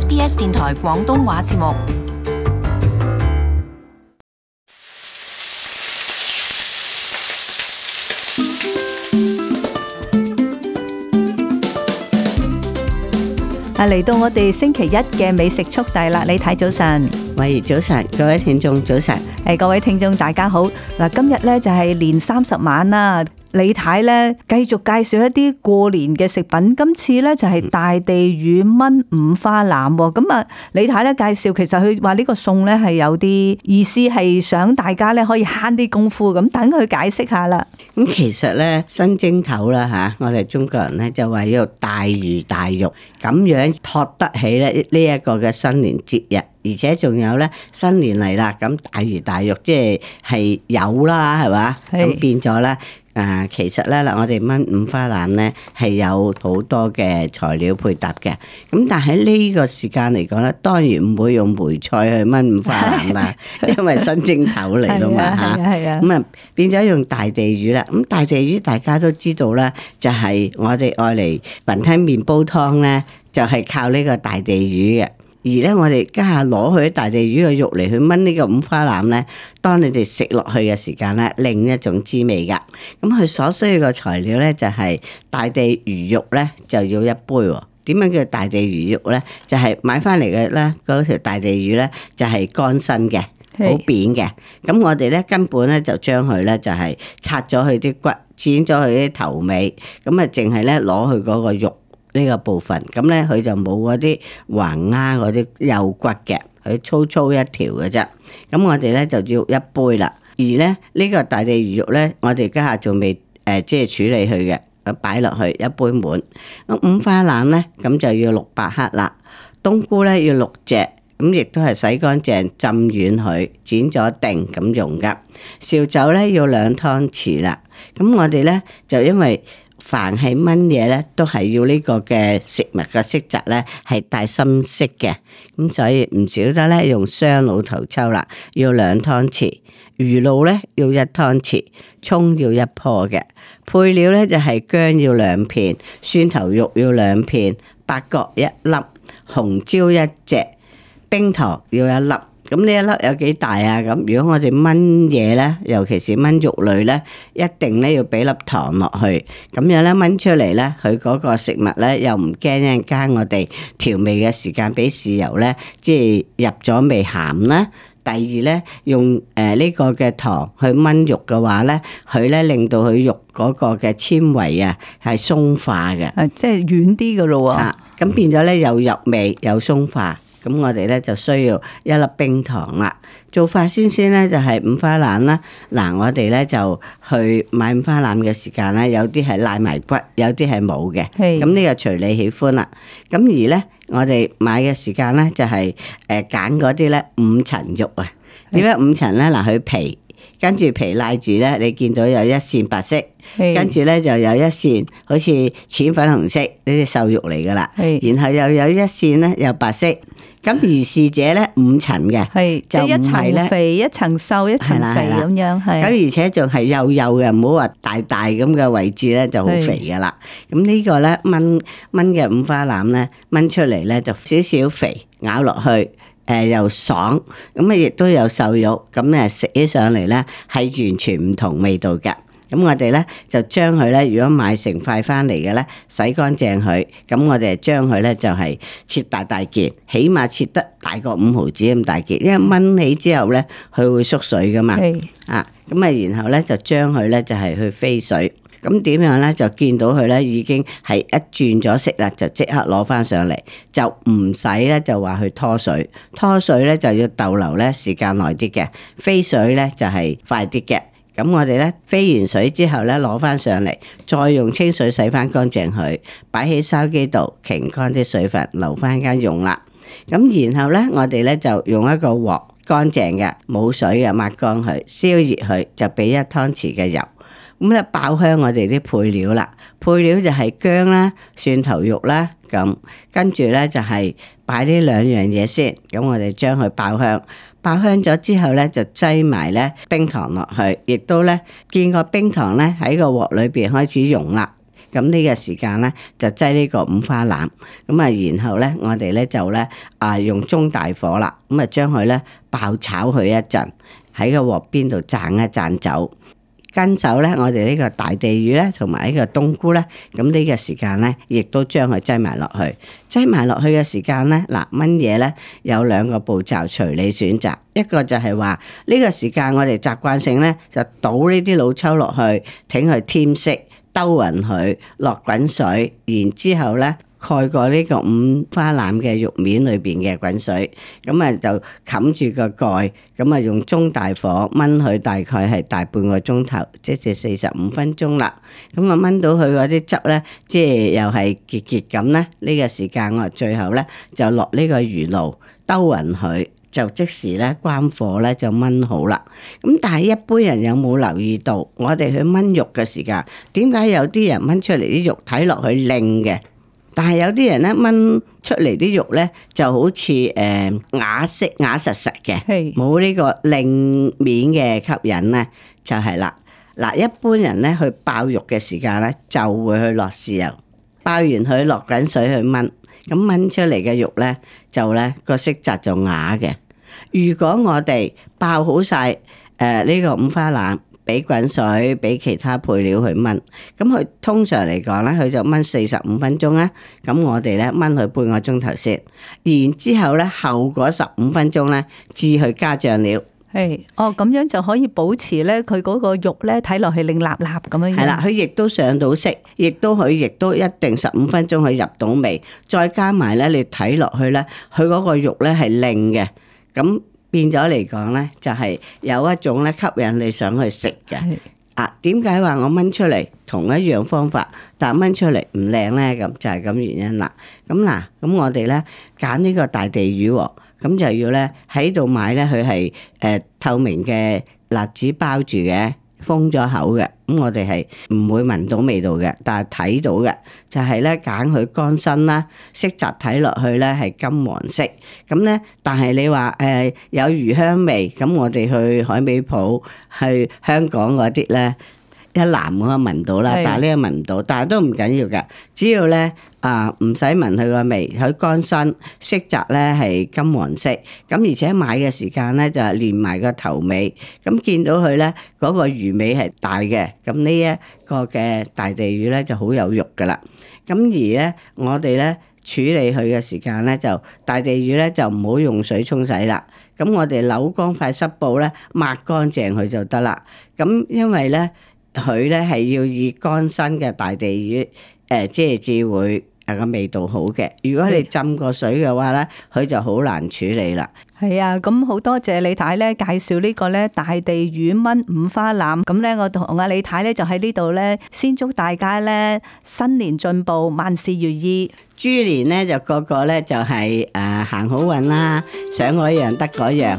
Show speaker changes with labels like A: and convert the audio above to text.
A: SBS 電台廣東話節目。啊，嚟到我哋星期一嘅美食速遞啦！你睇，早晨，慧如早晨，各位聽眾早晨，誒，各位聽眾大家好。嗱，今日咧就係年三十晚啦。李太咧繼續介紹一啲過年嘅食品，今次咧就係大地魚炆五花腩喎。咁啊，李太咧介紹，其實佢話呢個餸咧係有啲意思，係想大家咧可以慳啲功夫，咁等佢解釋下啦。咁其實咧，新正頭啦吓，我哋中國人咧就話要大魚大肉咁樣托得起咧呢一個嘅新年節日，而且仲有咧新年嚟啦，咁大魚大肉即係係有啦，係嘛？咁變咗咧。啊，其實咧，嗱，我哋炆五花腩咧係有好多嘅材料配搭嘅。咁但係呢個時間嚟講咧，當然唔會用梅菜去炆五花腩啦， 因為新蒸頭嚟噶嘛嚇。咁 啊，啊啊變咗用大地魚啦。咁大地魚大家都知道啦，就係我哋愛嚟雲吞麵煲湯咧，就係靠呢個大地魚嘅。而咧，我哋家下攞佢啲大地魚嘅肉嚟去炆呢個五花腩咧，當你哋食落去嘅時間咧，另一種滋味噶。咁佢所需要嘅材料咧，就係大地魚肉咧，就要一杯喎。點樣叫大地魚肉咧？就係買翻嚟嘅咧，嗰條大地魚咧，就係乾身嘅，好扁嘅。咁我哋咧根本咧就將佢咧就係拆咗佢啲骨，剪咗佢啲頭尾，咁啊淨係咧攞佢嗰個肉。呢個部分咁咧，佢就冇嗰啲橫鴉嗰啲幼骨嘅，佢粗粗一條嘅啫。咁我哋咧就要一杯啦。而咧呢、呢個大地魚肉咧，我哋家下仲未誒即係處理佢嘅，擺落去一杯滿。咁五花腩咧，咁就要六百克啦。冬菇咧要六隻，咁亦都係洗乾淨浸軟佢，剪咗定咁用噶。燒酒咧要兩湯匙啦。咁我哋咧就因為凡係炆嘢呢，都係要呢個嘅食物嘅色澤呢，係帶深色嘅。咁所以唔少得呢，用雙老頭抽啦，要兩湯匙，魚露呢，要一湯匙，蔥要一棵嘅配料呢，就係、是、薑要兩片，蒜頭肉要兩片，八角一粒，紅椒一隻，冰糖要一粒。咁呢一粒有幾大啊？咁如果我哋燜嘢咧，尤其是燜肉類咧，一定咧要俾粒糖落去，咁樣咧燜出嚟咧，佢嗰個食物咧又唔驚一陣間我哋調味嘅時間俾豉油咧，即係入咗味鹹啦。第二咧用誒呢個嘅糖去燜肉嘅話咧，佢咧令到佢肉嗰個嘅纖維啊係鬆化嘅，即係軟啲噶咯喎。啊，咁變咗咧又入味又鬆化。咁我哋咧就需要一粒冰糖啦。做法先先咧就係五花腩啦。嗱，我哋咧就去買五花腩嘅時間咧，有啲係瀨埋骨，有啲係冇嘅。咁呢是個隨你喜歡啦。咁而咧，我哋買嘅時間咧就係誒揀嗰啲咧五層肉啊。點解是五層咧？嗱，佢皮跟住皮瀨住咧，你見到有一線白色，跟住咧就有一線好似淺粉紅色呢啲瘦肉嚟㗎啦。是然後又有一線咧有白色。咁如是者咧，五層嘅，是就呢一層肥，一層瘦，一層肥咁樣。咁的而且仲係幼幼嘅，唔好話大大咁嘅位置咧就好肥噶啦。咁的呢個咧炆炆嘅五花腩咧炆出嚟咧就少少肥，咬落去誒、呃、又爽，咁啊亦都有瘦肉，咁啊食起上嚟咧係完全唔同味道嘅。咁我哋咧就將佢咧，如果買成塊翻嚟嘅咧，洗乾淨佢。咁我哋將佢咧就係、是、切大大件，起碼切得大過五毫子咁大件。因為燜起之後咧，佢會縮水㗎嘛。是啊，咁啊，然後咧就將佢咧就係、是、去飛水。咁點樣咧？就見到佢咧已經係一轉咗色啦，就即刻攞翻上嚟，就唔使咧就話去拖水。拖水咧就要逗留咧時間耐啲嘅，飛水咧就係、是、快啲嘅。咁我哋咧飛完水之後咧攞翻上嚟，再用清水洗翻乾淨佢，擺喺筲箕度，擎乾啲水分，留翻間用啦。咁然後咧，我哋咧就用一個鑊乾淨嘅，冇水嘅，抹乾佢，燒熱佢，就俾一湯匙嘅油，咁咧爆香我哋啲配料啦。配料就係薑啦、蒜頭肉啦，咁跟住咧就係擺呢兩樣嘢先。咁我哋將佢爆香。爆香咗之後咧，就擠埋咧冰糖落去，亦都咧見個冰糖咧喺個鑊裏邊開始溶啦。咁呢個時間咧就擠呢個五花腩。咁啊，然後咧我哋咧就咧啊用中大火啦。咁啊將佢咧爆炒佢一陣，喺個鑊邊度攢一攢酒。跟手咧，我哋呢個大地魚咧，同埋呢個冬菇咧，咁呢個時間咧，亦都將佢擠埋落去，擠埋落去嘅時間咧，嗱燜嘢咧有兩個步驟，隨你選擇，一個就係話呢個時間我哋習慣性咧就倒呢啲老抽落去，請佢添色，兜勻佢，落滾水，然之後咧。蓋過呢個五花腩嘅肉面裏邊嘅滾水，咁啊就冚住個蓋，咁啊用中大火炆佢，大概係大半個鐘頭，即係四十五分鐘啦。咁啊炆到佢嗰啲汁咧，即係又係結結咁咧。呢、這個時間我最後咧就落呢個魚露兜匀佢，就即時咧關火咧就炆好啦。咁但係一般人有冇留意到我，我哋去炆肉嘅時間，點解有啲人炆出嚟啲肉睇落去靚嘅？但係有啲人咧炆出嚟啲肉咧就好似誒、呃、啞色啞實實嘅，冇呢是個令面嘅吸引咧就係、是、啦。嗱，一般人咧去爆肉嘅時間咧就會去落豉油，爆完佢落緊水去炆，咁炆出嚟嘅肉咧就咧個色澤就啞嘅。如果我哋爆好晒誒呢個五花腩，俾滾水，俾其他配料去炆。咁佢通常嚟講咧，佢就炆四十五分鐘啦。咁我哋咧炆佢半個鐘頭先，然之後咧後嗰十五分鐘咧至去加醬料。係哦，咁樣就可以保持咧佢嗰個肉咧睇落去靚立立咁樣。係啦，佢亦都上到色，亦都佢亦都一定十五分鐘佢入到味，再加埋咧你睇落去咧，佢嗰個肉咧係靚嘅，咁。變咗嚟講咧，就係有一種咧吸引你想去食嘅。的啊，點解話我掹出嚟同一樣方法，但掹出嚟唔靚咧？咁就係咁原因啦。咁嗱，咁我哋咧揀呢個大地魚喎，咁就要咧喺度買咧，佢係誒透明嘅蠟紙包住嘅。封咗口嘅，咁我哋係唔會聞到味道嘅，但係睇到嘅就係咧揀佢乾身啦，色澤睇落去咧係金黃色，咁咧但係你話誒、呃、有魚香味，咁我哋去海味鋪，去香港嗰啲咧。一攬我都聞到啦，但係呢個聞唔到，但係都唔緊要㗎。只要咧啊，唔使聞佢個味，佢乾身色澤咧係金黃色。咁而且買嘅時間咧就係連埋個頭尾。咁見到佢咧嗰個魚尾係大嘅，咁呢一個嘅大地魚咧就好有肉㗎啦。咁而咧我哋咧處理佢嘅時間咧就大地魚咧就唔好用水沖洗啦。咁我哋扭乾塊濕布咧抹乾淨佢就得啦。咁因為咧。佢咧係要以乾身嘅大地魚，誒即係至會啊個味道好嘅。如果你浸過水嘅話咧，佢就好難處理啦。係啊，咁好多謝李太咧介紹呢個咧大地魚炆五花腩。咁咧我同阿李太咧就喺呢度咧先祝大家咧新年進步，萬事如意。豬年咧就個個咧就係誒行好運啦，想我一樣得我一樣。